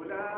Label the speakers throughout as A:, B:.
A: Hola.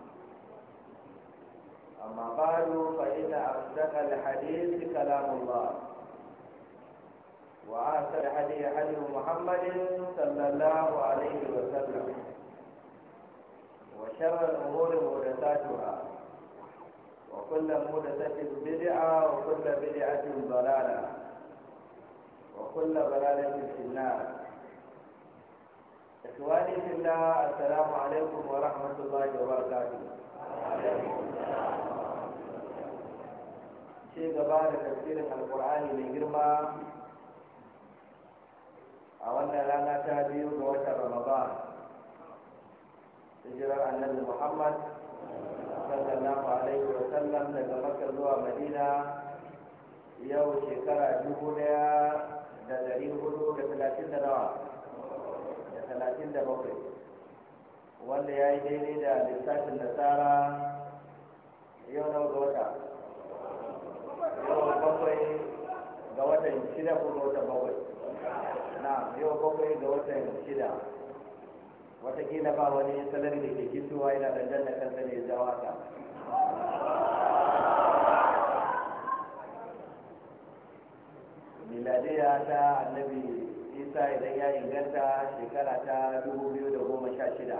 B: أما بعد فإن أصدق الحديث كلام الله وأحسن الحديث حديث محمد صلى الله عليه وسلم وشر الأمور محدثاتها وكل محدثة بدعة وكل بدعة ضلالة وكل ضلالة في النار إخواني في الله السلام عليكم ورحمة الله وبركاته. عليكم السلام ce gaba da tafsirin alkur'ani mai girma a wannan rana ta biyu ga watan ramadan hijirar annabi muhammad sallallahu alaihi wa sallam daga makka zuwa madina yau shekara dubu daya da dari hudu da talatin da nawa da talatin da bakwai wanda ya yi daidai da lissafin nasara yau na wata yau bakwai ga watan shida ko wata watan bakwai na yau bakwai ga watan shida watakila ba wani salari da ke kisuwa yana da janna kansa ne ya waka miladiya ta annabi isa idan ya inganta shekara ta dubu biyu da goma sha shida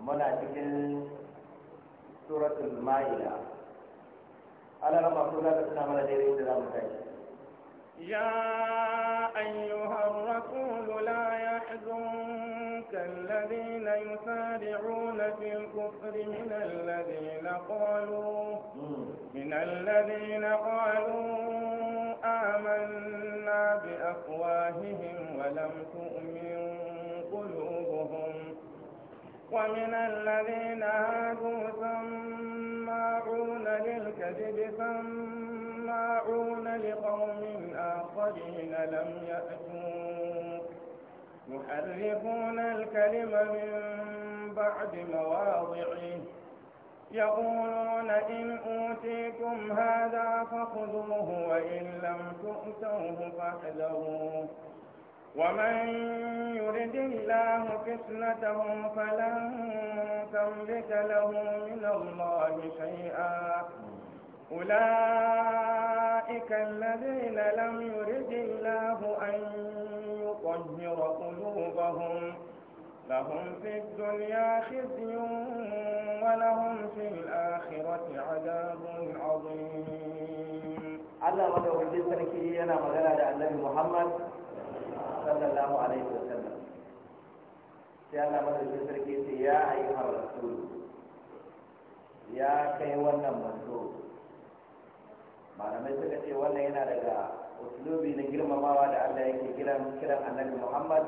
B: muna cikin suratul ma'ida على رب أقول تسامر ديري سلام
A: يا أيها الرسول لا يحزنك الذين يسارعون في الكفر من الذين قالوا من الذين قالوا آمنا بأفواههم ولم تؤمن قلوبهم ومن الذين هادوا سمعوا يخرجون للكذب سماعون لقوم آخرين لم يأتوك محرفون الكلم من بعد مواضعه يقولون إن أوتيكم هذا فخذوه وإن لم تؤتوه فاحذروه ومن يرد الله فتنتهم فلن تملك له من الله شيئا أولئك الذين لم يرد الله أن يطهر قلوبهم لهم في الدنيا خزي ولهم في الآخرة عذاب عظيم الله وجه الجزء كي ينا مغلا لأنه محمد
B: صلى الله عليه وسلم sai Allah madaukakin sarki ce ya ayyuhar rasul ya kai wannan manzo malamai suka ce wannan yana daga uslubi na girmamawa da Allah yake kiran kiran annabi Muhammad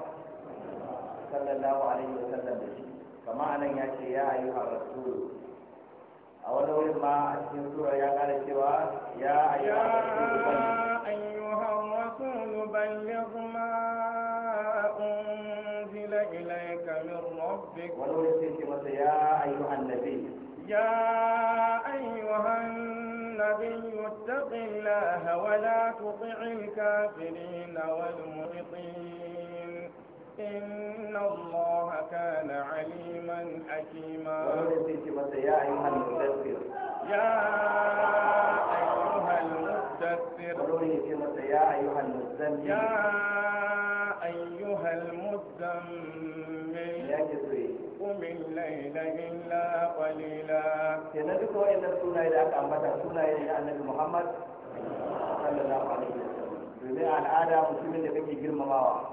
B: sallallahu alaihi wa sallam da shi kama anan ya ce ya ayyuhar rasul a wani wurin ma a cikin sura ya kare cewa ya ayyuhar
A: rasul balligh ma ربك ولو يسيك يا أيها النبي يا أيها النبي اتق الله ولا تطع الكافرين والمعطين إن الله كان عليما حكيما ولو يسيك يا أيها المدثر يا أيها المدثر ولو يسيك يا أيها المزمل يا أيها المزمل الليل إلا قليلا kenan duka wayannan sunaye da aka ambata sunaye ne na Muhammad
B: domin al'ada mutumin da kake girmamawa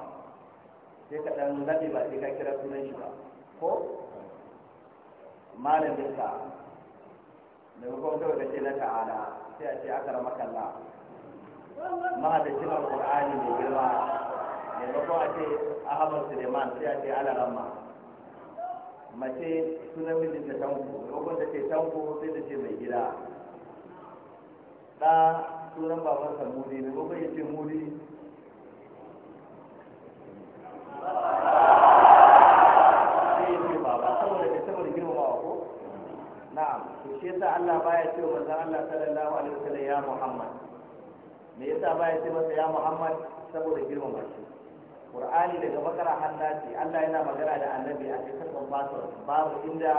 B: sai ka dan zabe ba sai ka kira sunan shi ba ko malamin ka da kuma kawai kace na ta'ala sai a ce aka rama kalla girma a ce ahmad sai a ce mace suna sunan mijinta tanko maimakon da ce tanko sai da ce mai gida ɗa sunan babansa muri maimakon ya ce muri shi yasa Allah baya ce wa manzon Allah sallallahu alaihi wasallam ya Muhammad me yasa baya ce masa ya Muhammad saboda girmama shi qur'ani daga bakara har nasi Allah yana magana da annabi a cikin babbar babu inda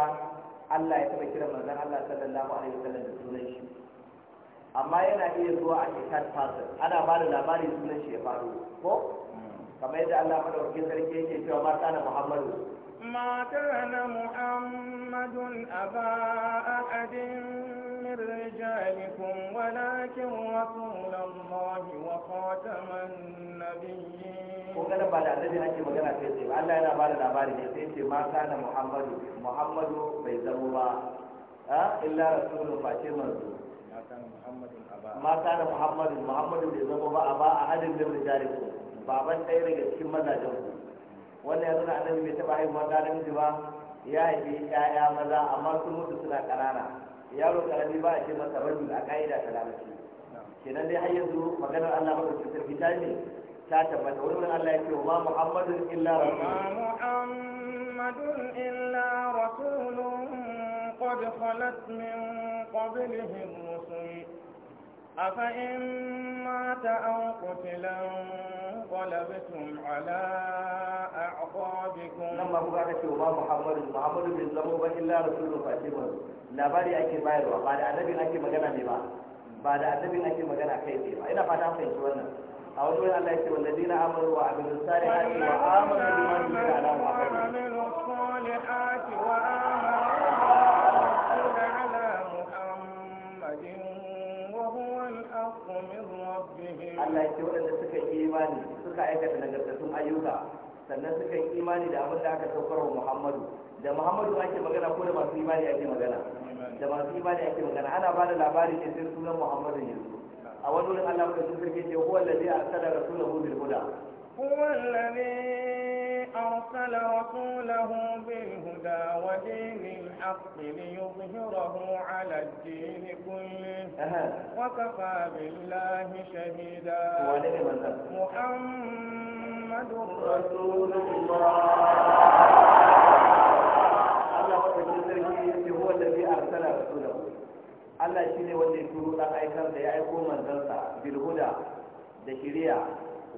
B: Allah ya taba kira manzon Allah sallallahu alaihi wasallam da sunan shi amma yana iya zuwa a cikin fasal ana ba da labari sunan shi ya faru ko kamar yadda Allah madaukakin sarki yake cewa ma kana Muhammadu
A: ما كان محمد أبا أحد من رجالكم ولكن رسول الله وخاتم النبي ba da annabi ake magana sai tsaye Allah yana ba
B: da labari ne sai ce ma kana Muhammadu Muhammadu bai zama ba a illa rasulun face manzo ma kana Muhammadu Muhammadu bai zama ba a ba a hadin da rijalikum baban ɗaya daga cikin mazajen ku wannan yanzu annabi bai taɓa haihuwa da namiji ba ya haifi ƴaƴa maza amma su mutu suna ƙanana yaro ƙarami ba a ce masa rajul a ƙa'ida ta lalace kenan dai har yanzu maganar Allah madaukakin sarki ta ne ta tabbata wani wurin Allah ya ce wa Muhammadun illa rasulun
A: Muhammadun illa rasulun qad khalat min qablihi rusul afa in mata aw qutila qalabtum ala a'qabikum nan ma kuka
B: ce wa Muhammadun Muhammadun bin zamo ba illa rasulun fa ce labari ake bayarwa ba da annabi ake magana ne ba ba da annabi ake magana kai ne ba ina fata fahimci wannan أو من الله يسمى الذين آمنوا وعملوا الصالحات وآمنوا بما نزل على محمد
A: وعملوا الصالحات وآمنوا على محمد وهو الحق من ربهم الله
B: waɗanda suka yi imani suka aikata نجرتهم ayyuka sannan suka yi imani da abin da aka saukar wa Muhammadu da Muhammadu ake magana ko da masu imani ake magana da masu imani ake magana ana ba da labari ne sai sunan Muhammadu yanzu أول من الله من تلك هو الذي أرسل رسوله بالهدى
A: هو الذي أرسل رسوله بالهدى ودين الحق ليظهره على الدين كله وكفى بالله شهيدا محمد رسول الله الله هو
B: الذي أرسل رسوله Allah shi ne wanda ya turo ɗan aikar da ya aiko manzansa bilhuda da shiriya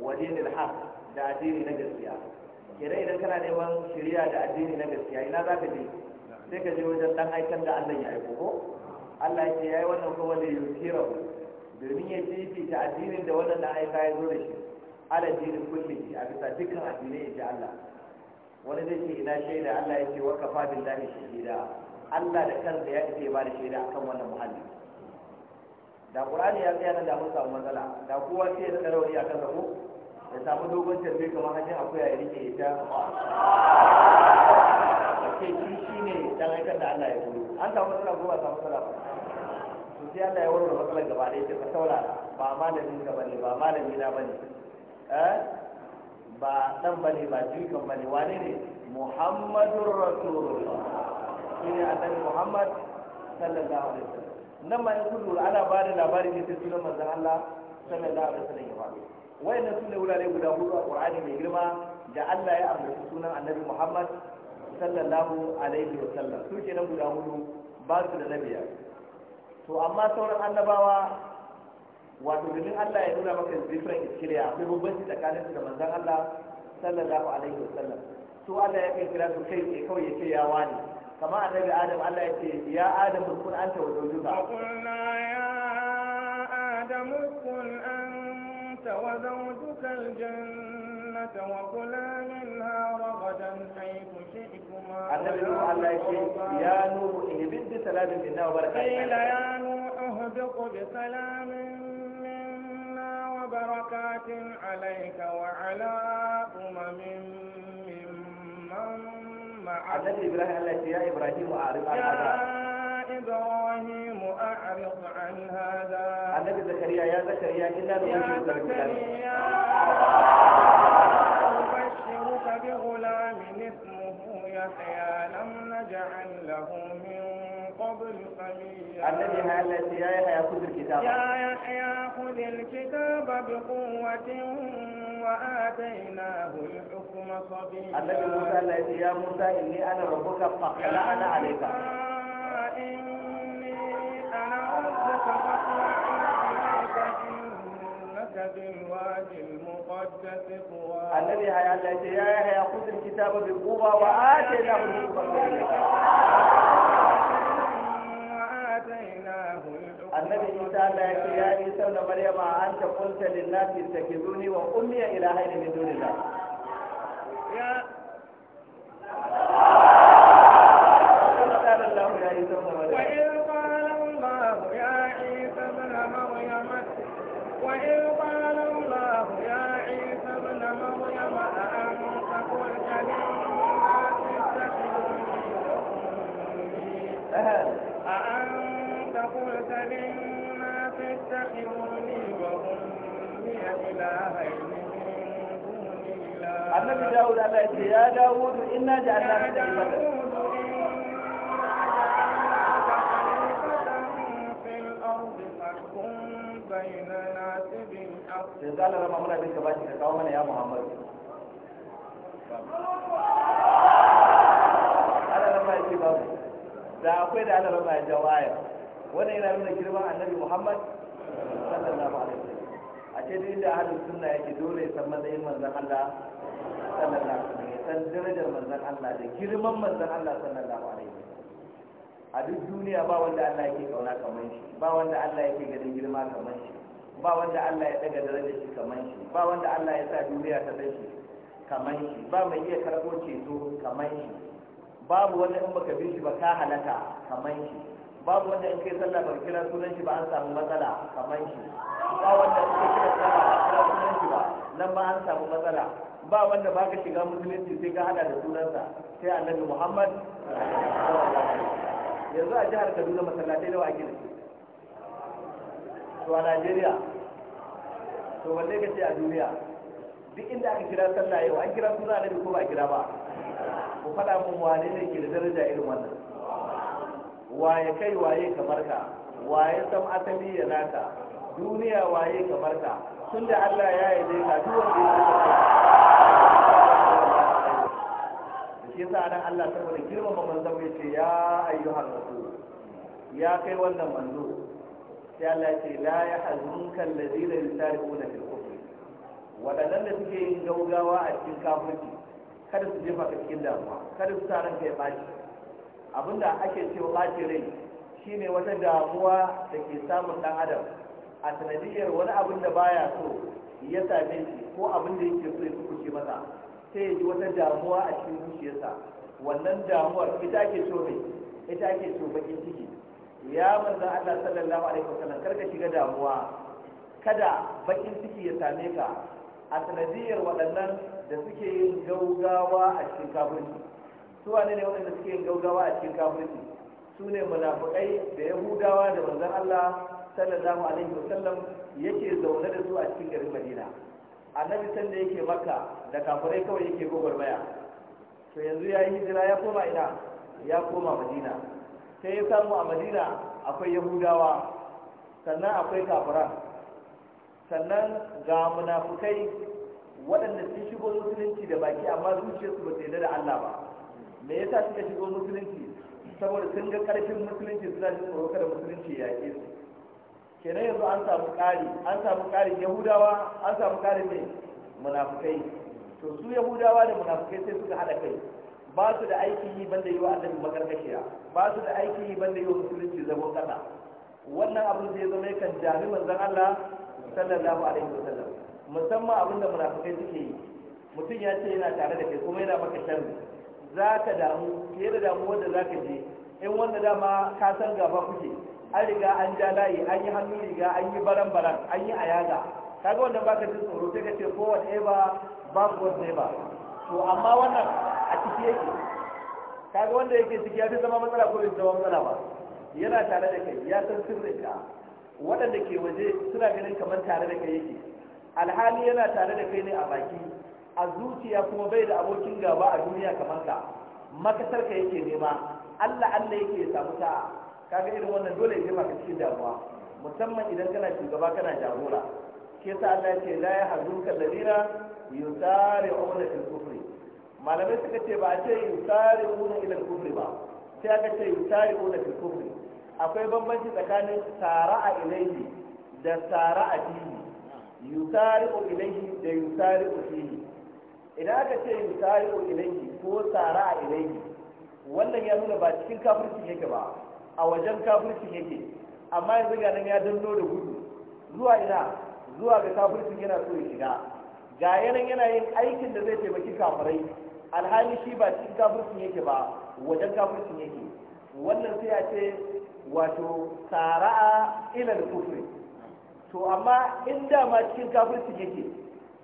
B: wa dinil haq da addini na gaskiya kira idan kana neman shiriya da addini na gaskiya ina za ka je sai ka je wajen ɗan aikar da Allah ya aiko ko Allah ya ce yayi wannan ya da yusira domin ya ta addinin da wannan ɗan aika ya zo da shi ala dinin kulli a bisa dukkan addinai ya ji Allah wani zai ce ina shaida Allah ya ce wa kafa billahi shahida Allah da da ya ce ba da shaida akan wannan muhalli da Qur'ani ya tsaya nan da mun samu matsala da kowa sai ya tsara wani akan ko ya samu dogon tarbe kamar hajjin akuya ya rike ita ake shi ne dan aikar da Allah ya koyo an samu matsala ko ba samu matsala ba to sai Allah ya warware matsalar gaba da ce ka saurara ba malamin ka bane ba malami na bane eh ba dan bane ba jikan bane wane ne Muhammadur Rasulullah shine annabi muhammad sallallahu alaihi wasallam nan ma in kun lura ana ba da labari ne ta sunan manzon allah sallallahu alaihi wasallam ya faru wayannan sunne wurare guda hudu a qur'ani mai girma da allah ya ambaci sunan annabi muhammad sallallahu alaihi wasallam su kenan guda hudu ba su da nabiya to amma sauran annabawa wato domin Allah ya nuna maka different iskiliya akwai bambanci tsakanin su da manzon Allah sallallahu alaihi wasallam to Allah ya kai kira su kai kai kawai ya ce ya wani kama annabi adam Allah ya ce ya adam kun anta wa zawjuka qulna
A: ya adam kun anta wa zawjuka aljannata wa kula minha ragadan haythu shi'tuma annabi Allah ya ce ya nuhu
B: ihbid bi salamin minna wa barakatuh qila ya
A: nuhu ihbiq bi salamin barakatin alayka wa ala annabi ibrahim Allah ce ya ibrahim a arif an hada ibrahim a'rif an hada annabi zakariya ya zakariya inna da wani zakariya ubashshiruka bi ghulamin ismuhu yahya lam naj'al lahu min قبل قليلا الذي هل يا يحيى خذ الكتاب يا يحيى خذ الكتاب بقوة وآتيناه الحكم صبيا الذي موسى الذي يا موسى إني أنا ربك فاخلع أنا عليك إني أنا ربك فاخلع بالوادي المقدس طوى الذي هي التي يا يحيى الكتاب بقوة وآتيناه الحكم annabi isa da ya ce ya yi da maryama an ta
B: kunta lillahi takizuni wa ummiya ilaha hayni min ya Allah ya yi
A: annabi dawud Allah ce ya dawud inna ja'alna ka khalifatan sai zala rama muna bin ka bashi ka kawo mana ya muhammad
B: ana rama ya ce babu da akwai da ana rama ya jawo aya wannan yana nuna girman annabi muhammad sallallahu alaihi a ce duk da ahalin suna yake dole ya san matsayin manzan Allah sallallahu alaihi wasallam ya san darajar manzon Allah da girman manzon Allah sallallahu alaihi wasallam a duk duniya ba wanda Allah yake kauna kamar shi ba wanda Allah yake ganin girma kamar shi ba wanda Allah ya daga darajar shi kamar shi ba wanda Allah ya sa duniya ta san shi kamar shi ba mai iya karɓo ceto kamar shi babu wanda in baka bi shi ba ka halaka kamar shi babu wanda in kai sallah ba kira sunan shi ba an samu matsala kaman shi ba wanda in kai kira sallah ba kira sunan shi ba nan ba an samu matsala ba wanda ba ka shiga musulunci sai ka hada da sunansa sai annabi muhammad yanzu a jihar kaduna masallatai nawa ake da su to a najeriya to wanne ka ce a duniya duk inda aka kira sallah yau an kira suna annabi ko ba a kira ba ku faɗa mun wane ne ke da daraja irin wannan waye kai waye kamar ka waye san asali ya naka duniya waye kamar ka tun da Allah ya yi ka duk wanda ya saka shi yasa nan Allah saboda girmama manzon ya ce ya ayyuhar rasul ya kai wannan manzo sai Allah ya ce la hazunka alladhina yusari'una fil kufri wadannan da suke yin gaugawa a cikin kafirci kada su jefa ka cikin damuwa kada su sa ya baci abinda ake cewa ɓacin shi shine wata damuwa da ke samun ɗan adam a sanadiyar wani abin da baya so ya same shi ko abin da yake so ya kuce masa sai ya ji wata damuwa a cikin zuciyarsa wannan damuwar ita ake so mai ita ake so bakin ciki ya manzo Allah sallallahu alaihi wasallam karka shiga damuwa kada bakin ciki ya same ka a sanadiyar waɗannan da suke yin gaugawa a cikin kafirci su wane ne waɗanda suke yin gaugawa a cikin kafirci su ne munafukai da yahudawa da manzon Allah sallallahu alaihi wasallam yake zaune da su a cikin garin Madina annabi san da yake makka da kafirai kawai yake baya. to yanzu ya yi hijira ya koma ina ya koma madina sai ya samu a madina akwai yahudawa sannan akwai kafiran sannan ga munafukai waɗanda sun shigo musulunci da baki amma zuciyarsu ba su yarda da Allah ba me yasa suka shigo musulunci saboda sun ga karfin musulunci suna jin tsoro kada musulunci ya ke su kenan yanzu an samu ƙari an samu ƙari yahudawa an samu ƙari ne munafukai to su yahudawa da munafukai sai suka haɗa kai ba su da aiki yi banda yi wa annabi makarkashiya ba su da aiki yi banda yi wa musulunci zagon ƙasa wannan abin zai zama yakan jami manzon Allah sallallahu alaihi wasallam musamman abin da munafukai suke yi mutum ya ce yana tare da kai kuma yana maka sharri za ka damu fiye da damu wanda za ka je in wanda dama ka san gaba kuke an riga an ja layi an yi hannu riga an yi baran baran an yi ayaga kaga ba baka jin tsoro sai ka ce ba ever backward ba. to amma wannan a ciki yake kaga wanda yake ciki ya fi zama matsala ko bai zama matsala ba yana tare da kai ya san sirrin ka waɗanda ke waje suna ganin kamar tare da kai yake alhali yana tare da kai ne a baki a zuciya kuma bai da abokin gaba a duniya kamar ka makasar ka yake nema Allah Allah yake ya samu ta kaga irin wannan dole ya jefa ka cikin damuwa musamman idan kana shugaba kana jagora ke sa Allah yake la ya hazunka ladina yusari'una fil kufri malamai suka ce ba a ce yusari'una ila al kufri ba sai aka ce yusari'una fil kufri akwai bambanci tsakanin sara'a ilaihi da sara'a fihi yusari'u ilaihi da yusari'u fihi idan aka ce yusari'u ilayhi ko tsara a ilayhi wannan ya nuna ba cikin kafirci yake ba a wajen kafirci yake amma yanzu ga nan ya danno da gudu zuwa ina zuwa ga kafircin yana so ya shiga ga yanan yana yin aikin da zai taimaki kafirai alhali shi ba cikin kafircin yake ba wajen kafircin yake wannan sai a ce wato tsara'a ilal kufri to amma in da ma cikin kafircin yake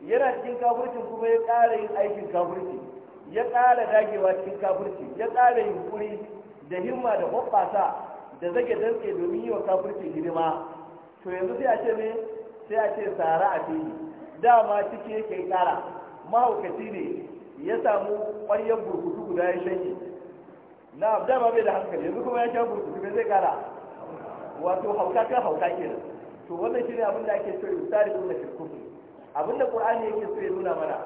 B: yana cikin kafurcin kuma ya ƙara yin aikin kafirci ya ƙara dagewa cikin kafirci ya ƙara yin kuri da himma da hoɓɓasa da zage dantse domin yi wa kafirci hidima to yanzu sai a ce ne sai a ce tsara a fili dama ciki yake ƙara mahaukaci ne ya samu ƙwaryar burkutu guda ya shanye na dama bai da hankali yanzu kuma ya sha burkutu bai zai ƙara wato hauka kan hauka kenan to wannan shi ne abin da ake so ya tsari kuma shirkufi Abin da qur'ani yake so ya nuna mana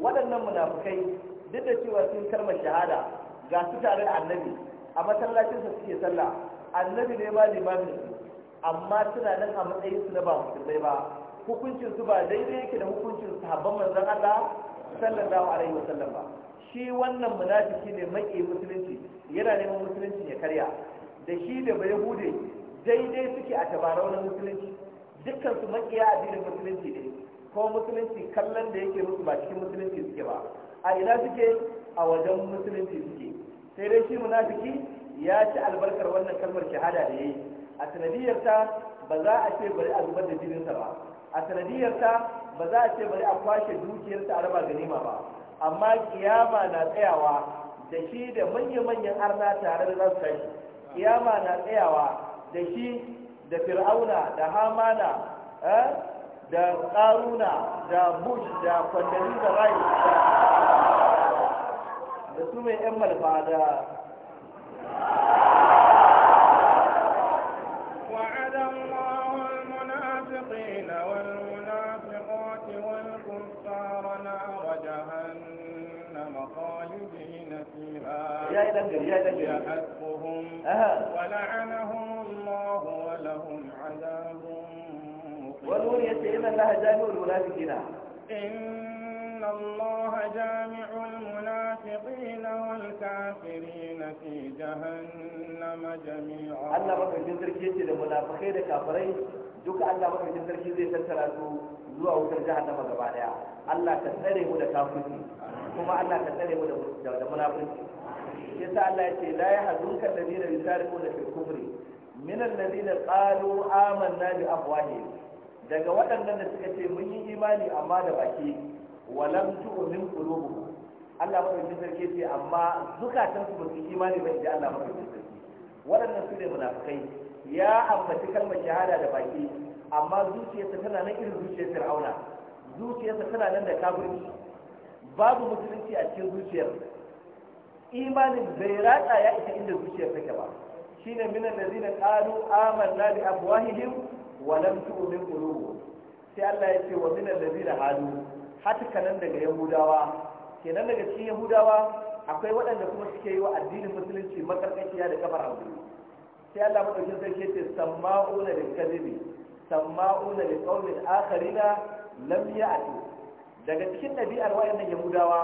B: waɗannan munafukai duk da cewa sun kalmar shahada ga su tare da annabi a masallacinsa suke sallah annabi ne ma limamin amma suna nan a matsayin su na ba musulmai ba hukuncin su ba daidai yake da hukuncin sahabban manzon Allah sallallahu alaihi wasallam ba shi wannan munafiki ne maki musulunci yana neman musulunci ya karya da shi da bai hude daidai suke a tabarau na musulunci dukkan su makiya addinin musulunci ne ko musulunci kallon da yake musu ba cikin musulunci suke ba a ina suke a wajen musulunci suke sai dai shi munafiki ya ci albarkar wannan kalmar shahada da yayi a sanadiyarta ba za a ce bari a zubar da sa ba a sanadiyarta ba za a ce bari a kwashe dukiyarsa a raba ganima ba amma kiyama na tsayawa da shi da manya-manyan arna tare da zasu tashi kiyama na tsayawa da shi da fir'auna da hamana eh, da ƙaruna da bush da kwandari da rai da su mai yan malfa da
A: وعد الله المنافقين والمنافقات والكفار نار جهنم خالدين فيها يأسهم ولعنهم الله ولهم عذاب القانون يتي إن الله جامع المنافقين إن الله جامع المنافقين والكافرين في جهنم جميعا الله بك جزر كيتي لمنافقين كافرين
B: دوك بك zuwa wutar jahannama gaba daya Allah ka tsare mu da kafirci kuma Allah ka tsare mu da munafiki yasa Allah ya ce la yahzunka alladhina yusariquna fil bi daga waɗannan da suka ce mun yi imani amma da baki walam tu'min qulubuhum Allah madaukakin sarki ce amma zukatan su su imani ba idan Allah madaukakin sarki waɗannan su ne munafikai ya ambaci kalmar shahada da baki amma zuciyarsa tana nan irin zuciyar Fir'auna zuciyarsa tana nan da kafirci babu musulunci a cikin zuciyar imanin bai ratsa ya isa inda zuciyar take ba shine minan allazina qalu amanna bi afwahihim walam tu'min qulubuhum sai Allah ya ce wa min allazina hadu nan daga yahudawa kenan daga cikin yahudawa akwai waɗanda kuma suke yi wa addinin musulunci makarkashiya da kafar abu sai Allah madaukin sarki ce samma'una lil kadhibi samma'una li qawmin akharina lam ya'ti daga cikin ɗabi'ar waɗannan yahudawa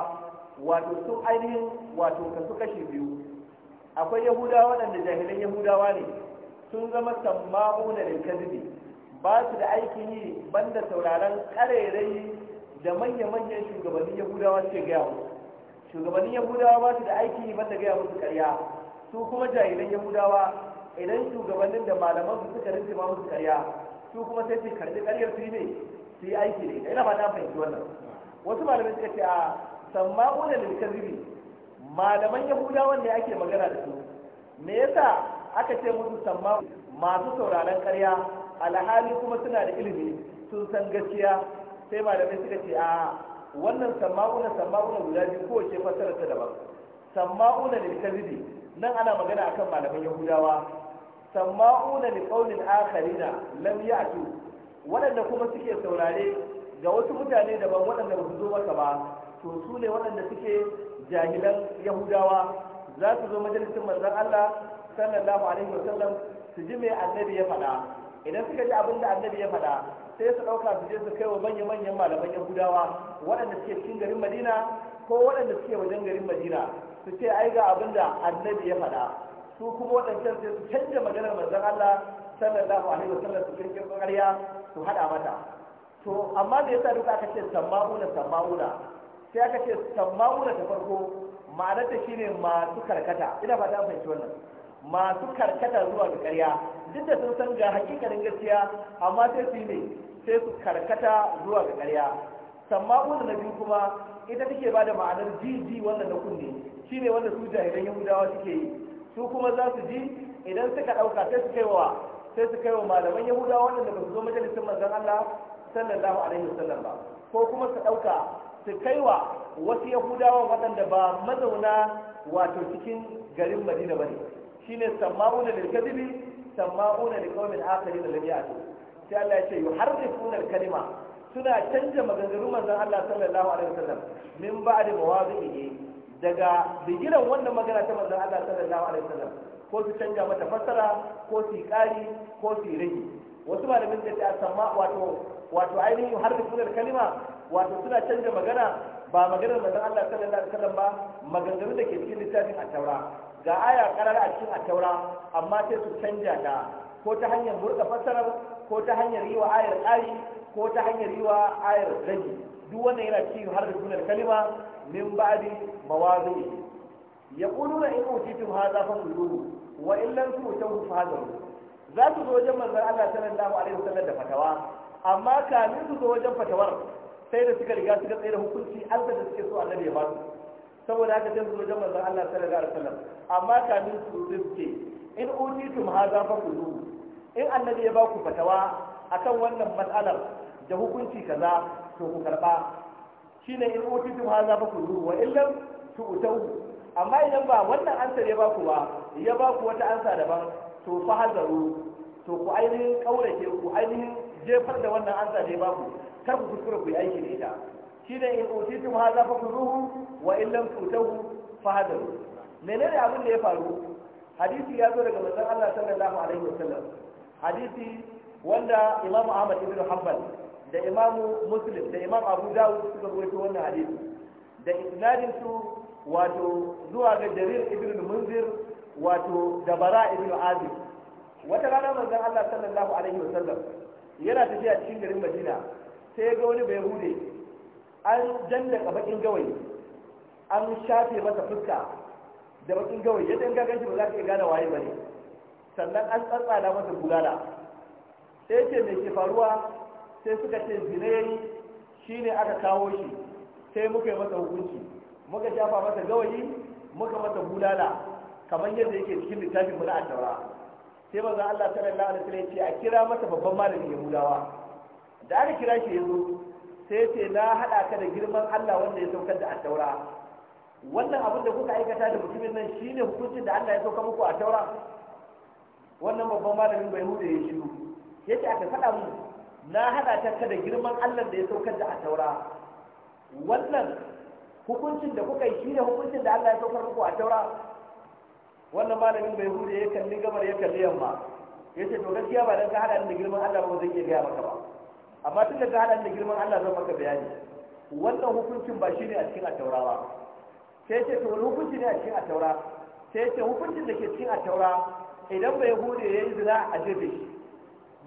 B: wato sun ainihin wato kasu kashi biyu akwai yahudawa waɗanda jahilan yahudawa ne sun zama samma'una lil kadhibi ba su da aikin yi banda sauraron karerai da manya-manyan shugabannin yahudawa suke gaya musu shugabannin yahudawa ba su da aikin yi banda gaya musu karya su kuma jahilan yahudawa idan shugabannin da malaman su suka rinse ma musu karya su kuma sai su karbi karyar su ne su yi aiki ne ina ba na fahimci wannan wasu malamai suka ce a samma'una lil kadhibi malaman Yahudawa ne ake magana da su me yasa aka ce musu samma masu sauraron karya alhali kuma suna da ilimi sun san gaskiya sai malamai suka ce a wannan sama'una sama'una guda biyu kowace fassara ta daban sama'una ta kadhibi nan ana magana akan malaman yahudawa sama'una ne qawlin akharina lam ya'tu waɗanda kuma suke saurare ga wasu mutane daban waɗanda ba su zo maka ba to su ne waɗanda suke jahilan yahudawa za su zo majalisin manzon Allah sallallahu alaihi wasallam su ji mai annabi ya faɗa idan suka ji abin da annabi ya faɗa sai su ɗauka su je su kai wa manya-manyan malaman yahudawa waɗanda suke cikin garin madina ko waɗanda suke wajen garin madina su ce ai ga abin da annabi ya faɗa su kuma waɗancan sai su canja maganar manzon allah sallallahu alaihi sallam su kirkiro ƙarya su haɗa mata to amma me yasa duka aka ce samma'una samma'una sai aka ce samma'una ta farko ma'anarta shine masu karkata ina fata an fahimci wannan masu karkata zuwa ga ƙarya duk da sun san ga hakikanin gaskiya amma sai su ne sai su karkata zuwa ga ƙarya samma'un na biyu kuma ita take ba da ma'anar jiji wanda na kunne shine wanda su jahilan yahudawa suke yi su kuma za su ji idan suka ɗauka sai su kaiwa sai su kaiwa malaman yahudawa wanda ba su zo majalisar manzon Allah sallallahu alaihi wasallam ba ko kuma su ɗauka su kaiwa wasu yahudawa waɗanda ba mazauna wato cikin garin madina ba ne shine sama'una lil kadhibi sama'una li akhirin da alladhi ya'tu sai Allah ya ce yuharrifuna al kalima suna canja maganganun manzon Allah sallallahu alaihi wasallam min ba'di mawazihi daga bigiran wannan magana ta manzon Allah sallallahu alaihi wasallam ko su canja mata fassara ko su kari ko su rage wasu malamin da ta sama wato wato ainihin yuharrifuna al kalima wato suna canja magana ba maganar manzon Allah sallallahu alaihi wasallam ba maganganun da ke cikin littafin a taura ga aya karar a cikin attaura amma sai su canja ta ko ta hanyar burka fasarar ko ta hanyar yi wa ayar tsari, ko ta hanyar yi wa ayar rage duk wannan yana cikin har da kalima min ba'di mawazi yaquluna in utitum hadha fa quluhu wa in lam tutuhu fa hadaru za su zo wajen manzan Allah sallallahu alaihi wasallam da fatawa amma kamin su zo wajen fatawar sai da suka riga suka tsaye da hukunci an da suke so Allah ya ba su saboda haka sai su wajen manzon Allah sallallahu alaihi wasallam amma kamin su rizke in haza ba fa kulu in annabi ya baku fatawa akan wannan matsalar da hukunci kaza to ku karba shine in haza ba fa kulu wa illam utau amma idan ba wannan ansar ya baku ba ya baku wata ansa daban to fa hazaru to ku ainihin kaurace ku ainihin jefar da wannan ansa da ya baku kar ku kuskura ku yi aiki da ita shine in utitum hadha fakhuduhu wa in lam tutahu fahadaru menene abin da ya faru hadisi ya zo daga manzon Allah sallallahu alaihi wasallam hadisi wanda Imam Ahmad ibn Hanbal da Imam Muslim da Imam Abu Dawud suka rawaito wannan hadisi da isnadin su wato zuwa ga Jarir ibn Munzir wato da Bara ibn Azib wata rana manzon Allah sallallahu alaihi wasallam yana tafiya cikin garin Madina sai ga wani bai hude an jallaka bakin gawayi an shafe masa fuska da bakin gawayi yadda in ka ba za ka gane waye ba ne sannan an tsantsana masa gulala sai ce mai ke faruwa sai suka ce zina yayi shine aka kawo shi sai muka yi masa hukunci muka shafa masa gawayi muka masa gulala kamar yadda yake cikin littafin mula a taura sai maza Allah sallallahu alaihi wasallam ya ce a kira masa babban malamin Yahudawa da aka kira shi yanzu sai ce na haɗa ka da girman Allah wanda ya saukar da attaura wannan abin da kuka aikata da mutumin nan shine hukuncin da Allah ya sauka muku a taura wannan babban malamin bai hude ya shiru yace aka faɗa mu na haɗa ka da girman Allah da ya saukar da attaura wannan hukuncin da kuka yi shine hukuncin da Allah ya saukar muku a taura wannan malamin bai hude ya kalli gabar ya kalli yamma yace to gaskiya ba dan ka haɗa da girman Allah ba zan iya gaya maka ba amma tun da ka hada da girman Allah zan maka bayani wannan hukuncin ba shine a cikin at ba sai ce to wani hukunci ne a cikin at-taura sai ce hukuncin da ke cikin at-taura idan bai hude yayi zina a jebe shi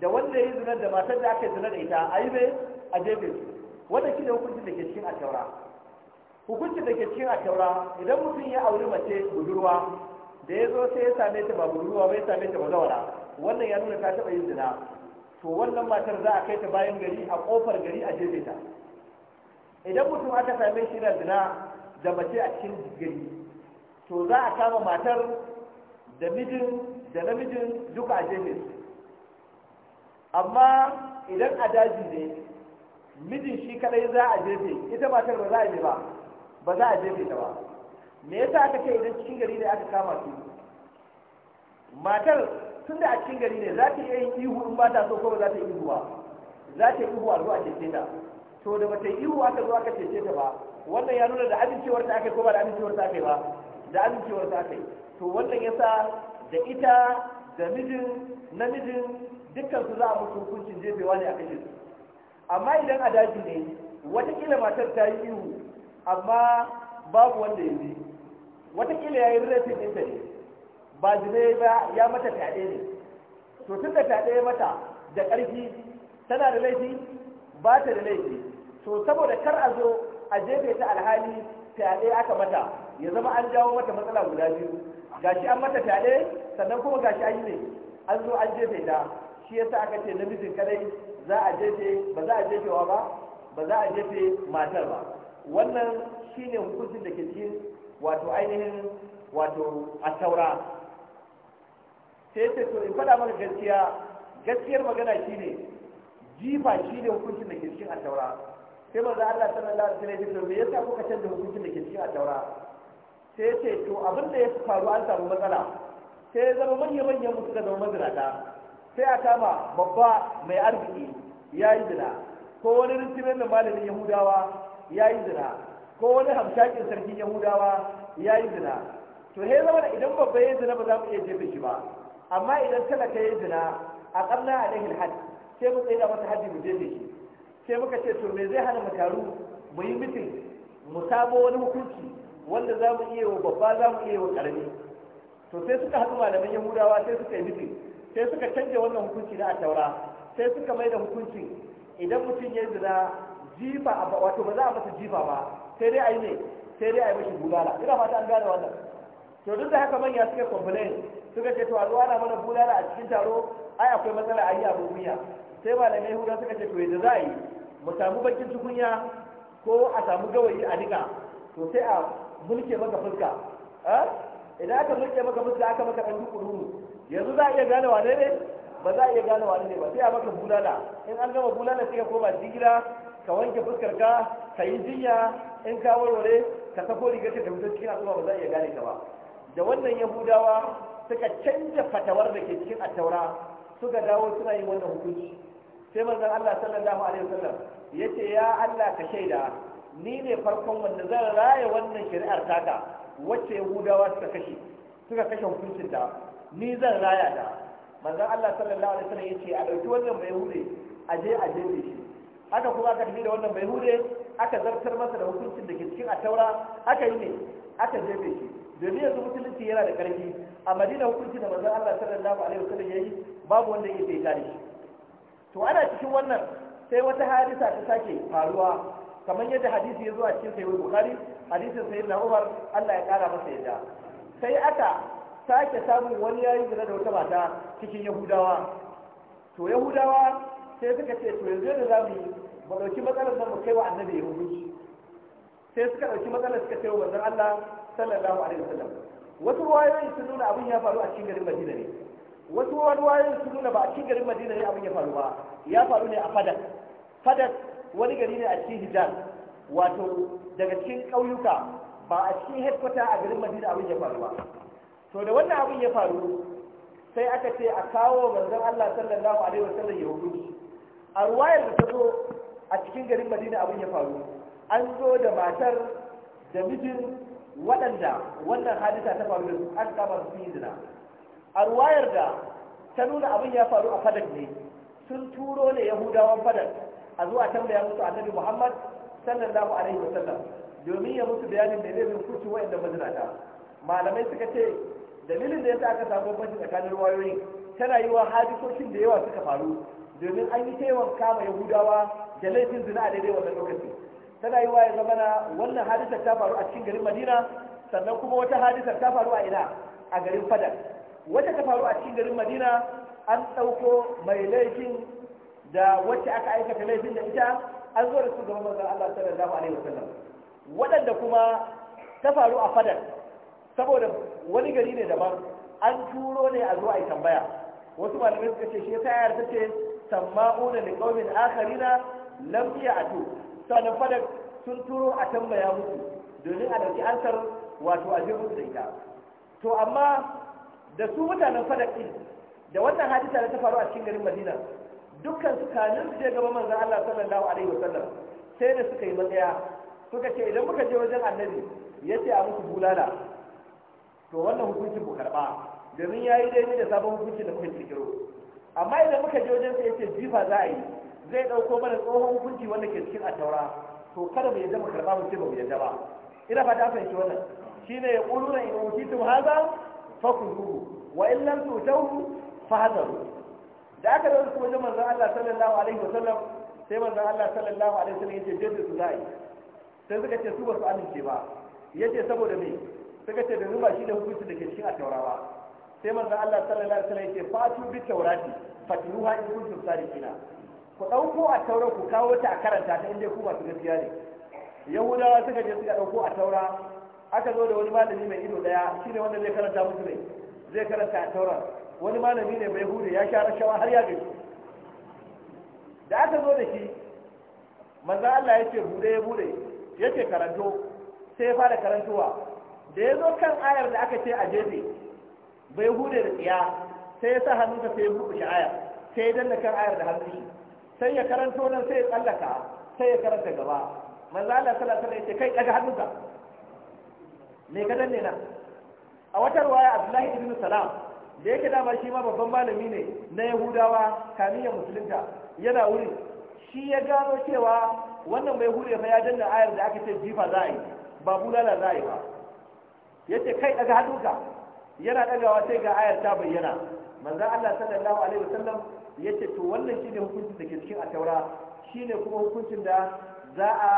B: da wanda yayi zina da matar da aka zina da ita ayi bai a jebe shi wannan shine hukuncin da ke cikin at-taura hukuncin da ke cikin at-taura idan mutum ya auri mace budurwa da ya zo sai ya same ta ba budurwa ba ya same ta bazawara wannan ya nuna ta taɓa yin zina to wannan matar za a kai ta bayan gari a kofar gari a jefe ta idan mutum aka same shi na zina da mace a cikin gari to za a kama matar da mijin da namijin duka a jefe su amma idan a daji ne mijin shi kadai za a jefe ita matar ba za a yi ba ba za a jefe ta ba me yasa aka ce idan cikin gari ne aka kama su matar tun da a cikin gari ne za ta iya yin ihu in ba ta so kuma za ta yi ihu ba za ta yi ihu a zuwa cece ta to da bata yi ihu aka zo aka cece ta ba wannan ya nuna da amincewar ta aka yi ko ba da amincewar ta aka yi ba da amincewar ta aka yi to wannan yasa da ita da mijin namijin dukkan su za a musu hukuncin jefewa ne a kashe su amma idan a daji ne watakila matar ta yi ihu amma babu wanda ya yi watakila ya yi rafin ɗinta ne ba zina ba ya mata fyaɗe ne to tun da fyaɗe mata da ƙarfi tana da laifi ba ta da laifi to saboda kar a zo a jefe ta alhali fyaɗe aka mata ya zama an jawo mata matsala guda biyu gashi an mata fyaɗe sannan kuma gashi an yi ne an zo an jefe ta shi yasa aka ce namijin kadai za a jefe ba za a jefewa ba ba za a jefe matar ba wannan shine hukuncin da ke cikin wato ainihin wato a taura sai ce to in faɗa maka gaskiya gaskiyar magana shine jifa shine hukuncin da ke cikin attaura sai manzo Allah sallallahu alaihi wasallam me yasa kuka canza hukuncin da ke cikin attaura sai ce to abin da ya faru an samu matsala sai ya zama manyan manyan mu da zama mazinata sai a kama babba mai arziki ya yi zina ko wani rintimen mai malamin yahudawa ya yi zina ko wani hamshakin sarkin yahudawa ya yi zina to he zama da idan babba ya zina ba za mu iya jefe shi ba amma idan talaka ya zina a kamna a lahin hajj sai mu tsaye da masa hajji mu je da shi sai muka ce to me zai hana mu taru mu yi mitin mu samo wani hukunci wanda za mu iya wa babba za mu iya wa ƙarami to sai suka haɗu malaman yahudawa sai suka yi mitin sai suka canje wannan hukunci na a taura sai suka mai da hukuncin idan mutum ya zina jifa a wato ba za a masa jifa ba sai dai a yi ne sai dai a yi mashi bulala ina fata an gane wannan to duk da haka manya suka complain suka ce to a zuwa na mana bulala a cikin taro ai akwai matsala a yi abu wuya sai malamai huda suka ce to yadda za a yi mu samu bakin tukunya ko a samu gawayi a nika to sai a mulke maka fuska idan aka mulke maka fuska aka maka ɗan dukururu yanzu za a iya gane wane ne ba za a iya gane wane ne ba sai a maka bulala in an gama bulala sai ka koma gida ka wanke fuskar ka ka yi jinya in ka warware ka tafi rigar ka tafi cikin al'umma ba za a iya gane ka ba da wannan yahudawa suka canja fatawar da ke cikin attaura suka dawo suna yin wannan hukunci sai manzon Allah sallallahu alaihi wasallam yace ya Allah ka shaida ni ne farkon wanda zan raya wannan shari'ar taka wacce Yahudawa suka kashe suka kashe hukuncin ta ni zan raya ta manzon Allah sallallahu alaihi wasallam yace a dauki wannan bai hude a je a je shi haka kuma aka tafi da wannan bai hude aka zartar masa da hukuncin da ke cikin attaura aka yi ne aka jefe shi domin yanzu musulunci yana da ƙarfi a madina hukunci da manzon Allah sallallahu alaihi wasallam yayi babu wanda yake kare shi to ana cikin wannan sai wata hadisa ta sake faruwa kamar yadda hadisi ya zo a cikin sahih bukhari hadisin na Umar Allah ya kara masa yadda sai aka sake samun wani yayi gina da wata mata cikin Yahudawa to Yahudawa sai suka ce to yanzu da zamu mu dauki matsalar nan mu kai wa annabi ya hukunci sai suka dauki matsalar suka kai wa manzon Allah sallallahu alaihi wasallam wasu ruwayoyi sun nuna abin ya faru a cikin garin madina ne wasu ruwayoyi sun nuna ba a cikin garin madina ne abin ya faru ba ya faru ne a fadak fadak wani gari ne a cikin hijaz wato daga cikin ƙauyuka ba a cikin headquarter a garin madina abin ya faru ba to da wannan abin ya faru sai aka ce a kawo manzon Allah sallallahu alaihi wasallam ya hukunci a ruwayar da ta zo a cikin garin madina abin ya faru an zo da matar da mijin waɗanda wannan hadisa ta faru da su an kama su yi zina a ruwayar da ta nuna abin ya faru a fadak ne sun turo ne yahudawan fadak a zuwa tambaya musu annabi muhammad sallallahu alaihi wasallam domin ya mutu bayanin da zai hukunci wa'anda mazinata malamai suka ce dalilin da yasa aka samu bambanci tsakanin ruwayoyin tana yi wa hadisoshin da yawa suka faru domin an yi ta kama yahudawa da laifin zina a daidai wannan lokaci tana yi wa ya zamana wannan hadisar ta faru a cikin garin madina sannan kuma wata hadisar ta faru a ina a garin fadar wata ta faru a cikin garin madina an ɗauko mai laifin da wacce aka aikata laifin da ita an zo da su gaba manzon Allah sallallahu alaihi wasallam waɗanda kuma ta faru a fadar saboda wani gari ne daban an turo ne a zo a yi tambaya wasu malamai suka ce shi yasa yarda ce samma'una liqaumin akharina lam ya'tu sanin fadar sun turo a tambaya musu domin a ɗauki ansar wato a jirgin da ita to amma da su mutanen fadar ɗin da wannan hadisa da ta faru a cikin garin madina dukkan su kanin su je gaba manzan Allah sallallahu alaihi wasallam sai da suka yi matsaya suka ce idan muka je wajen annabi ya ce a musu bulala to wannan hukuncin ku karba domin yi daidai da sabon hukuncin da kuka kirkiro amma idan muka je wajen sa ce jifa za a yi zai ɗauko mana tsohon hukunci wanda ke cikin attaura to kada mu yadda mu karɓa mu ce ba mu yadda ba ina fata an fahimci wannan shine ya ƙulu na in utitum haza fakuzuhu wa in lam fa fahadaru da aka dawo kuma jama'a manzon Allah sallallahu alaihi wasallam sai manzon Allah sallallahu alaihi wasallam yace jaddu su zai sai suka ce su ba su amince ba yace saboda me suka ce da ruba shi da hukunci da ke cikin attaurawa sai manzon Allah sallallahu alaihi wasallam yace fatu bi taurati fatiruha in kuntum sadiqina ku ɗauko a taura ku kawo ta a karanta ta inda ku masu gaskiya ne yahudawa suka je suka ɗauko a taura aka zo da wani malami mai ido ɗaya shine wanda zai karanta musu ne zai karanta a taura wani malami ne mai hudu ya sha rashawa har ya gaji da aka zo da shi manzo Allah ya ce bude ya bude ya ce karanto sai ya fara karantowa da ya zo kan ayar da aka ce a jefe bai hude da tsiya sai ya sa hannunsa sai ya buɗe ayar sai ya danna kan ayar da hannu sai ya karanto nan sai ya tsallaka sai ya karanta gaba manzo Allah sallallahu alaihi wasallam kai daga hannunka me ka danne nan a wata ruwaya Abdullahi ibn Salam da yake da shi ma babban malami ne na Yahudawa kamiyya musulunta yana wuri shi ya gano cewa wannan mai hure fa ya danna ayar da aka ce jifa za a yi ba bulala za yi ba yace kai daga hannunka yana dagawa sai ga ayar ta bayyana manzo Allah sallallahu alaihi wasallam yace to wannan ne hukuncin da ke cikin ataura ne kuma hukuncin da za a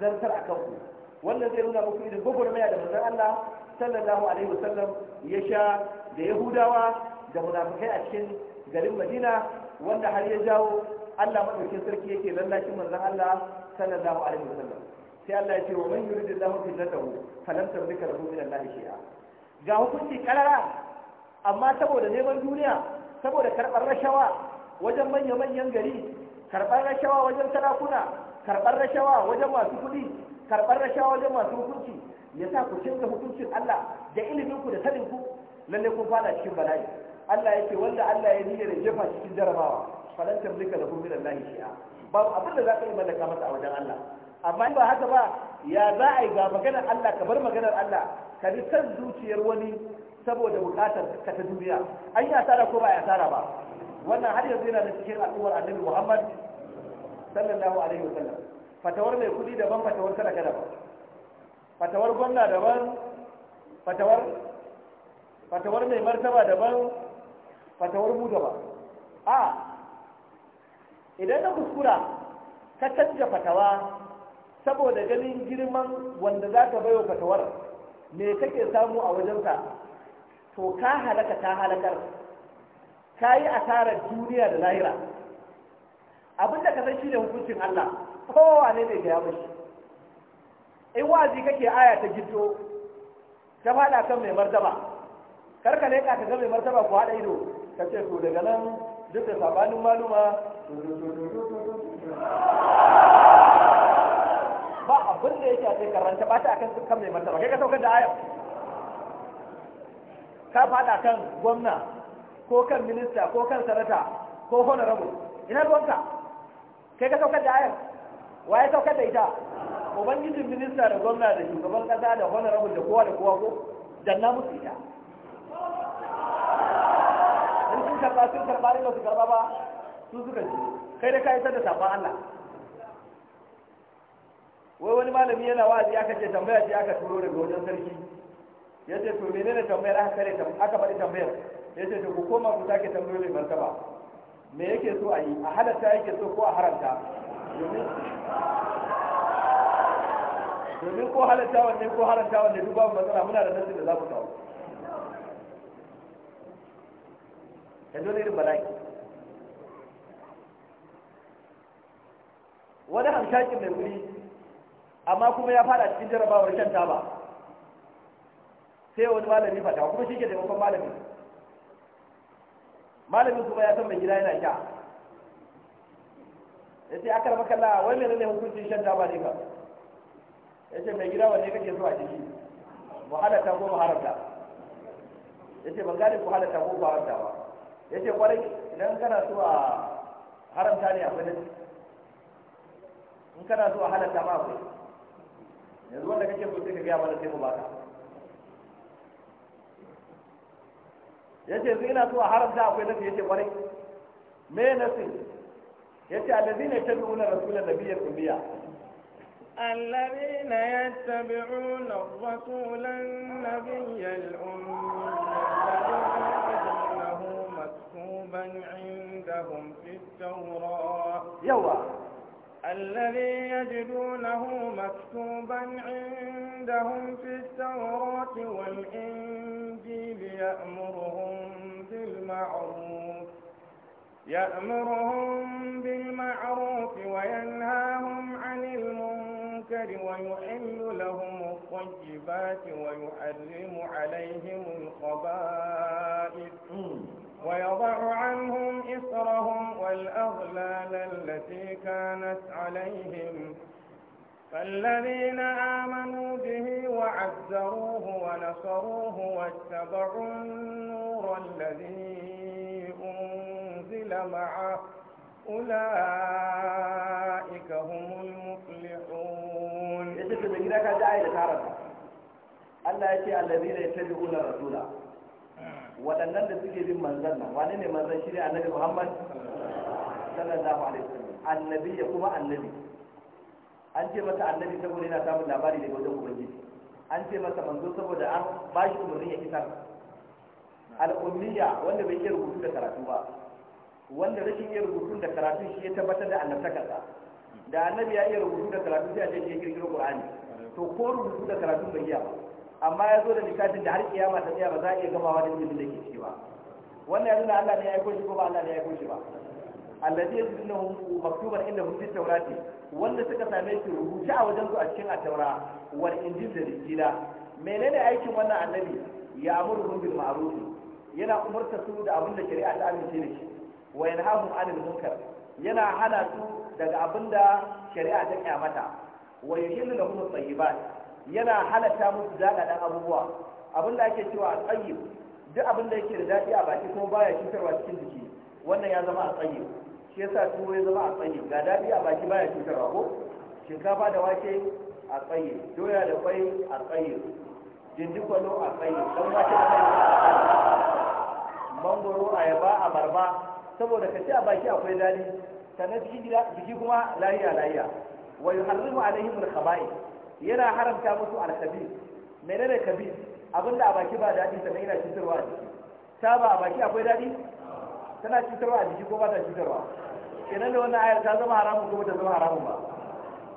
B: zartar a kanku wannan zai nuna muku irin maya da manzon Allah sallallahu alaihi wasallam ya sha da yahudawa da munafikai a cikin garin Madina wanda har ya jawo Allah madaukakin sarki yake lallacin manzon Allah sallallahu alaihi wasallam sai Allah ya ce wa man yuridillahu fitnatahu falan tamlika lahu min Allah shay'a ga hukunci karara amma saboda neman duniya saboda karɓar rashawa wajen manya-manyan gari karɓar rashawa wajen sarakuna karɓar rashawa wajen masu kuɗi karɓar rashawa wajen masu hukunci ya sa ku canza hukuncin Allah da ilimin ku da sanin ku lalle kun fada cikin bala'i Allah ce wanda Allah ya niyyar jefa cikin jarabawa falan tamlika lahu min Allah shi'a babu abin da za ka yi mallaka masa a wajen Allah amma in ba haka ba ya za a yi ga maganar Allah ka bar maganar Allah ka bi san zuciyar wani saboda bukatar ka ta duniya an ya sara ko ba ya sara ba wannan har yanzu yana da cikin al'ummar annabi muhammad sallallahu alaihi wa sallam. fatawar mai kudi daban fatawar talaka daban fatawar gwamna daban fatawar fatawar mai martaba daban fatawar mu daban a idan na kuskura ka canja fatawa saboda ganin girman wanda za ka baiwa fatawar me kake samu a wajensa to ka halaka ta halakar ka yi asarar duniya da lahira abin da ka san shi ne hukuncin Allah kowa ne ne ga ya mashi in wazi kake aya ta gito ta fada kan mai martaba karka ne ka ga mai martaba ku haɗa ido ka ce to daga nan duk da sabanin maluma ba abin da yake a cikin karanta ba ta akan kan mai martaba kai ka saukar da aya ka fada kan gwamna ko kan minista ko kan sanata ko rabu, ina ruwanka kai ka saukar da ayar waye saukar da ita ubangijin minista da gwamna da shugaban kasa da rabu da kowa da kowa ko Dan na musu ita in sun karba sun karba ne su karba ba su suka ji kai da ka isar da sabon Allah wai wani malami yana wa'azi aka ce tambaya ce aka turo daga wajen sarki ya ce to menene tambayar aka kare aka faɗi tambayar ya ce ku koma ku sake tambayo mai martaba me yake so a yi a halatta yake so ko a haramta domin ko halatta wanne ko haramta wanne duk babu matsala muna da nasin da za ku kawo yanzu ne irin bala'i wani hamshakin mai wuri amma kuma ya fada cikin jarabawar shan taba sai wani malami fata kuma shi ke taimakon malami malamin kuma ya san mai gida yana sha ya ce akar kalla, wai mene ne hukuncin shan taba ne ka ya ce mai gida wanne kake zuwa a ciki mu halatta ko mu haramta ya ce ban gane ku halatta ko ku haramta ba ya ce kwarai idan kana so a haramta ne akwai naci in kana so a halatta ma akwai yanzu wanda kake so sai ka gaya mana sai mu baka yace yanzu ina so a haramta akwai nasi yace kwarai me nasi yace allazina yattabi'una rasulan nabiyyal ummiya
A: الذين يتبعون الرسول النبي الأمي يجدونه مكتوبا عندهم في التوراة يوا الذي يجدونه مكتوبا عندهم في التوراة والإنجيل يأمرهم بالمعروف يأمرهم بالمعروف وينهاهم عن المنكر ويحل لهم الطيبات ويحرم عليهم الخبائث ويضع عنهم إسرهم والأغلال التي كانت عليهم فالذين آمنوا به وعزروه ونصروه واتبعوا النور الذي أنزل معه أولئك هم المفلحون Allah ya ce
B: allazi ne ta bi'una rasula waɗannan da suke bin manzan nan Wani ne manzan shi ne annabi muhammad sallallahu alaihi wasallam annabi ya kuma annabi an ce masa annabi saboda yana samun labari daga wajen ubangiji an ce masa manzo saboda an ba shi umarni ya isar al'ummiya wanda bai iya rubutu da karatu ba wanda rashin iya rubutu da karatu shi ya tabbatar da annabtakarsa da annabi ya iya rubutu da karatu sai a je ya kirkiro qur'ani to ko rubutu da karatu bai iya ba amma ya zo da littafin da har kiyama ta tsaya ba za a iya gamawa da ilimin da ke ciki ba wannan ya nuna Allah ne ya aiko shi ko ba Allah ne ya aiko shi ba allazi yajidunahu maktuban indahum fi tawrati wanda suka same shi rubuce a wajen su a cikin at-taura wal injil da injila menene aikin wannan annabi ya amuru bil ma'ruf yana umurta su da abin da shari'a ta amince da shi wa yanhahum anil munkar yana hana su daga abin da shari'a ta kyamata wa yuhillu lahum at-tayyibat yana halatta musu dan abubuwa abin da ake cewa tsayyib duk abin da yake da daɗi a baki kuma baya cutarwa cikin jiki wannan ya zama a tsaye shi yasa tuwo ya zama a tsaye ga daɗi a baki baya cutarwa ko shinkafa da wake a tsaye doya da kwai a tsaye jinjikwalo a tsaye don wake a tsaye mangoro ayaba abarba saboda ka ce a baki akwai daɗi sannan cikin gida jiki kuma lahiya lahiya wa yuharrimu alaihim alkhaba'i yana haramta musu alkhabi menene kabi abinda a baki ba daɗi sannan yana cutarwa a jiki saba a baki akwai daɗi tana cutarwa a jiki ko ba ta cutarwa kenan da wannan ayar ta zama haramun kuma ta zama haramun ba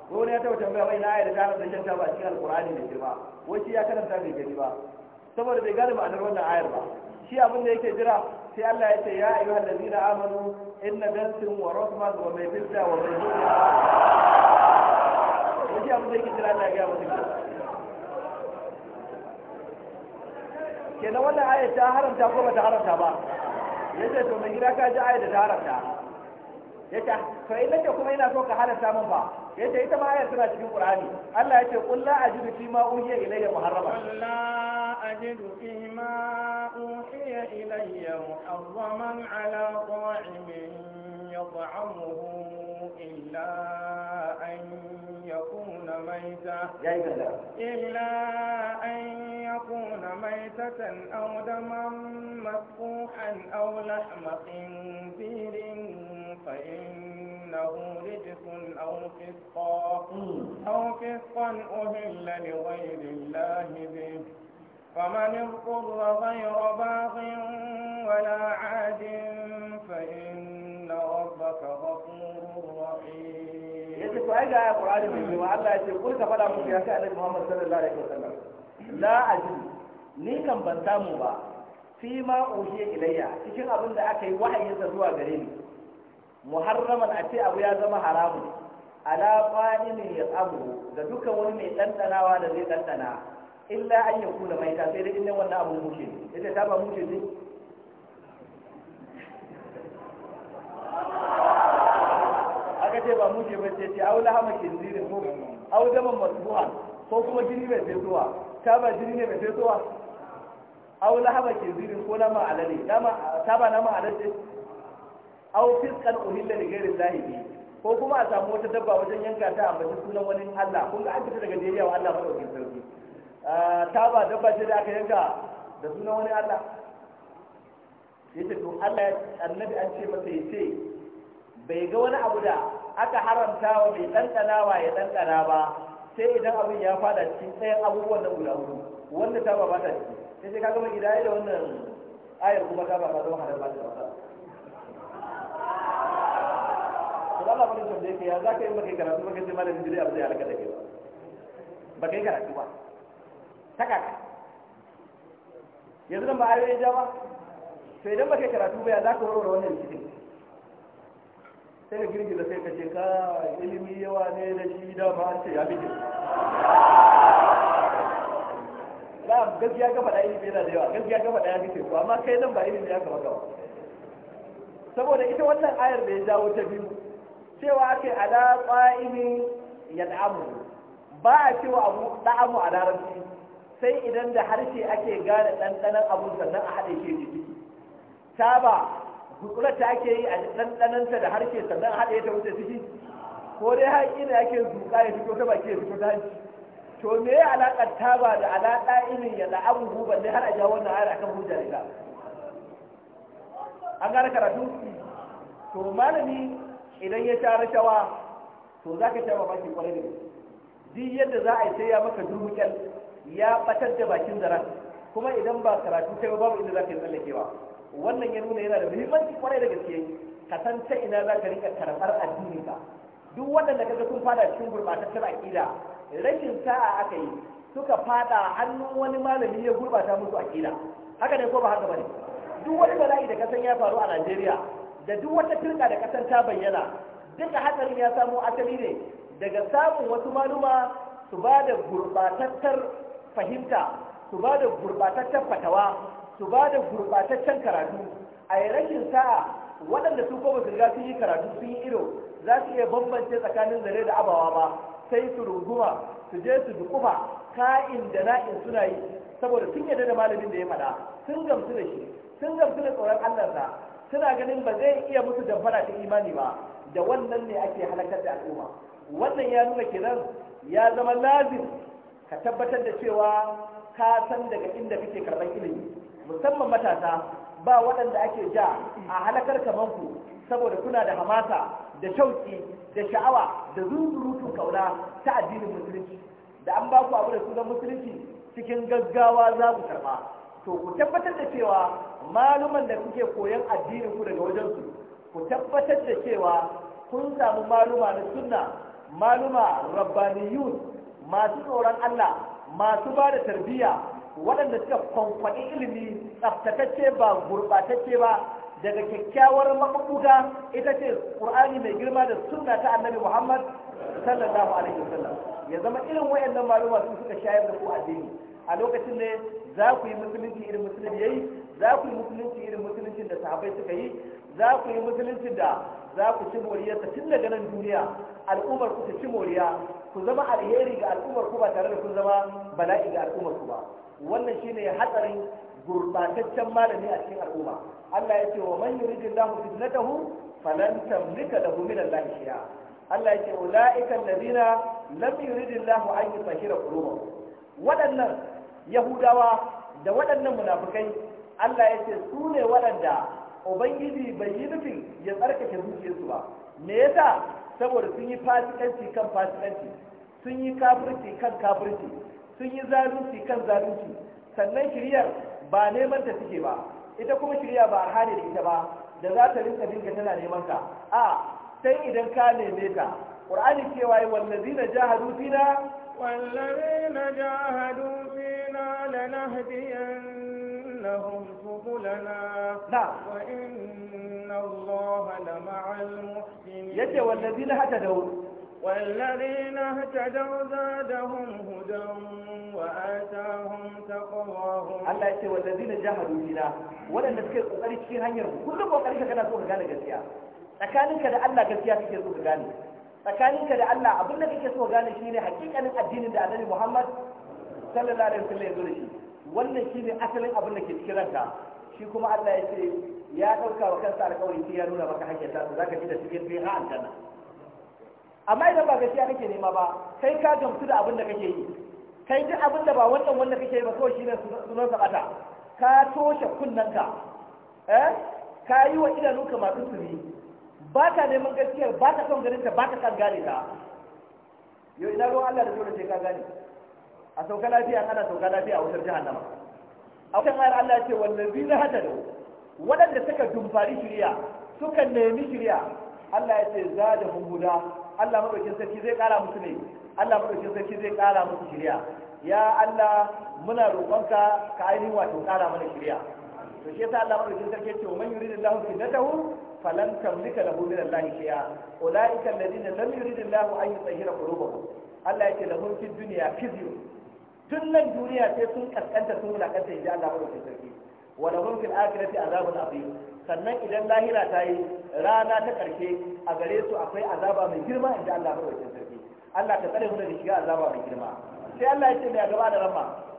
B: ko wani ya taɓa tambaya wai na ayar ta haramta ta ba a cikin alkur'ani mai girma ko shi ya karanta bai gani ba saboda bai gane ma'anar wannan ayar ba shi abin da yake jira sai Allah ya ce ya ayyuha allazina amanu inna dansin wa rasman wa mai bilda wa mai bilda
A: shi abin da yake jira Allah ya gaya mutum kenan wannan ayar ta haramta ko bata haramta ba yace
B: to mai gida ka ji ayar da ta haramta yace to in nake kuma ina so ka halatta min ba. yace ita ma ayar tana cikin qur'ani Allah yace qul la ajidu fi ma uhiya ilayya muharrama qul
A: la ajidu fi ma uhiya ilayya muharraman ala ta'imin yat'amuhu illa an yakuna mayta illa an yakuna maytatan aw daman masfuhan aw lahma فإنه رجس أو فسقا أو فسقا أهل لغير الله به فمن اضطر غير باغ ولا عاد فإن ربك غفور رحيم yace ko ai ga Qur'ani mai cewa Allah ya ce ko ka fada muku ya
B: sai Annabi Muhammad sallallahu alaihi wasallam la ajin ni kan ban samu ba fi ma uhiya ilayya cikin abin da aka yi wahayi zuwa gare ni muharraman a ce abu ya zama haramu ala qa'imin yaqabu da dukkan wani mai dandanawa da zai dandana illa an kula mai ta sai dai inda wannan abu muke ita ta ba muke ne aka ce ba muke ba ce ce aula hama kinzirin ko au masu masbuhan ko kuma jini mai fesowa ta ba jini ne mai a aula hama kinzirin ko nama alali nama ta ba nama alali aw fiskan uhilla li ghairi llahi ko kuma a samu wata dabba wajen yanka ta a bace sunan wani Allah kun ga an fita daga jeriya wa Allah madaukin sarki ta ba dabba ce da aka yanka da sunan wani Allah yace to Allah annabi an ce masa yace bai ga wani abu da aka haramta wa mai ɗanɗanawa ya ɗanɗana ba sai idan abin ya fada cikin tsayin abubuwan na guda hudu wanda ta ba ba ta ciki sai sai kaga mai gida da wannan ayar kuma ta ba ta zama hadar ba ta ba Allah bane tambaye ka ya za ka yi maka karatu maka ce malamin jiri abu zai halaka da kai ba ba kai karatu ba ta kaka yanzu nan ba ayoyi ja ba to idan ba karatu ba ya za ka warware wannan cikin sai ka girgiza sai ka ce ka ilimi yawa ne da shi da an ce ya fi na gaskiya ka faɗa ilimi yana da yawa gaskiya ka faɗa ya fi teku amma kai nan ba ilimi ya kama gaba saboda ita wannan ayar da ya jawo ta biyu cewa ake ala ya da'amu ba a cewa abu da'amu a larabci sai idan da harshe ake gane ɗanɗanon abu sannan a haɗe shi jiki ba gutsura ta ake yi a ɗanɗanonta da harshe sannan a haɗe ta wuce ciki ko dai haƙi ina ake zuƙa ya fito ta baki ya fito ta hanci to me ya alaƙar ba da alaƙa irin ya da'amu guba ne har a ja wannan ayar akan hujja ga an gane karatu to malami idan ya tara shawa, to za ka sha baki kwarai da duk yadda za a yi sai ya maka durmukyal ya batar da bakin zara kuma idan ba karatu kai babu inda za ka yi tsallakewa wannan ya nuna yana da muhimmanci kwarai da gaske ka san ta ina za ka rika karɓar addini ka duk da kaga sun fada cikin gurɓataccen aƙida rashin sa'a aka yi suka fada hannun wani malami ya gurɓata musu aƙida haka ne ko ba haka ba ne duk wani bala'i da ka san ya faru a Najeriya da duk wata firka da kasar ta bayyana duka hatsarin ya samo asali ne daga samun wasu maluma su ba da gurbatattar fahimta su ba da gurbatattar fatawa su ba da gurbataccen karatu a yi rashin sa'a waɗanda su kuma riga sun yi karatu sun yi ido za su iya bambance tsakanin zare da abawa ba sai su runguma su je su dukufa ka'in da na'in suna yi saboda sun yarda da malamin da ya faɗa sun gamsu da shi sun gamsu da tsoron Allah suna ganin ba zai iya musu damfara ta imani ba da wannan ne ake halakar da al'umma wannan ya nuna kenan ya zama lazim ka tabbatar da cewa ka san daga inda kake karɓar ilimi musamman matasa ba waɗanda ake ja a halakar kaman ku saboda kuna da hamasa da shauki da sha'awa da zuzurutun kauna ta addinin musulunci da an ba ku abu da sunan musulunci cikin gaggawa za ku karɓa to ku tabbatar da cewa maluman da kuke koyon addinin ku daga wajen su ku tabbatar da cewa kun samu maluma na sunna maluma rabbaniyun masu tsoron Allah masu ba da tarbiyya waɗanda suka kwankwaɗi ilimi tsaftatacce ba gurɓatacce ba daga kyakkyawar mabuga ita ce ƙur'ani mai girma da sunna ta annabi muhammad sallallahu alaihi wasallam ya zama irin wayannan maluma su suka shayar da ku addini a lokacin ne za ku yi musulunci irin musulunci yayi za ku yi musulunci irin musuluncin da sahabbai suka yi za ku yi musulunci da za ku ci moriya ta tun daga nan duniya al'ummar ku ta ci moriya ku zama alheri ga al'ummar ku ba tare da kun zama bala'i ga al'ummar ku ba wannan shine hatsarin gurbataccen malami a cikin al'umma Allah ya ce wa man Allahu fitnatahu falan tamlika lahu min Allah shay'a Allah ya ce ulaika alladhina lam Allahu an yutahhira qulubahum waɗannan yahudawa da waɗannan munafukai Allah ya ce su ne waɗanda ubangiji bai yi nufin ya tsarkake zuciyarsu ba me yasa saboda sun yi fasikanci kan fasikanci sun yi kafirci kan kafirci sun yi zalunci kan zalunci sannan shiryar ba neman ta suke ba ita kuma shirya ba a hane da ita ba da za ta rinka dinga tana neman ka a sai idan ka neme ta qur'ani cewa wallazina jahadu fina
A: wallazina jahadu fina إنا لنهدينهم سبلنا نعم وإن الله لمع المحسنين يد والذين هتدوا والذين اهتدوا زادهم هدى وآتاهم تقواهم الله يتي والذين جاهدوا لنا ولا نذكر قريش في هنير كل ما قريش كان سوء قال قريش
B: تكالي كذا ألا قريش في سوء قال تكالي كذا ألا أبنك كسوء قال شيني حقيقة الدين الدين محمد sallallahu alaihi wasallam ya zo da shi wannan shine asalin abin da ke cikin ranka shi kuma Allah ya ce ya dauka wa kansa alƙawari sai ya nuna maka hanyar ta zaka ji da cikin sai ha aljanna amma idan ba gaskiya kake nema ba kai ka gamsu da abin da kake yi kai duk abin da ba wannan wanda kake yi ba kawai shine sunan bata ka toshe kunnanka eh ka yi wa idanunka masu sirri ba ta neman gaskiyar ba ta son ganin ta ba ta kan gane ta yau ina ruwan Allah da dole sai ka gane a sauka lafiya ana sauka lafiya a wutar jahannama a wutar ayar Allah ce ce bi na hada da waɗanda suka dumfari shirya suka nemi shirya Allah ya ce za da huda Allah maɗaukin sarki zai ƙara musu ne Allah maɗaukin sarki zai ƙara musu shirya ya Allah muna roƙonka ka ainihin wato ƙara mana shirya to shi yasa Allah maɗaukin sarki ya ce wa man yuridillahu fitnatahu falan tamlika lahu min Allah shay'a ulaika alladhina lam yuridillahu an yutahhira qulubahum Allah ya ce lahum fid dunya khizyun tun nan duniya sai sun kaskanta sun wulakanta yanzu Allah mai sarki wa lahum fil akhirati azabun azim sannan idan lahira ta yi rana ta karshe a gare su akwai azaba mai girma inji Allah mai sarki Allah ka tsare mu daga shiga azaba mai girma sai Allah ya ce mai gaba da ramma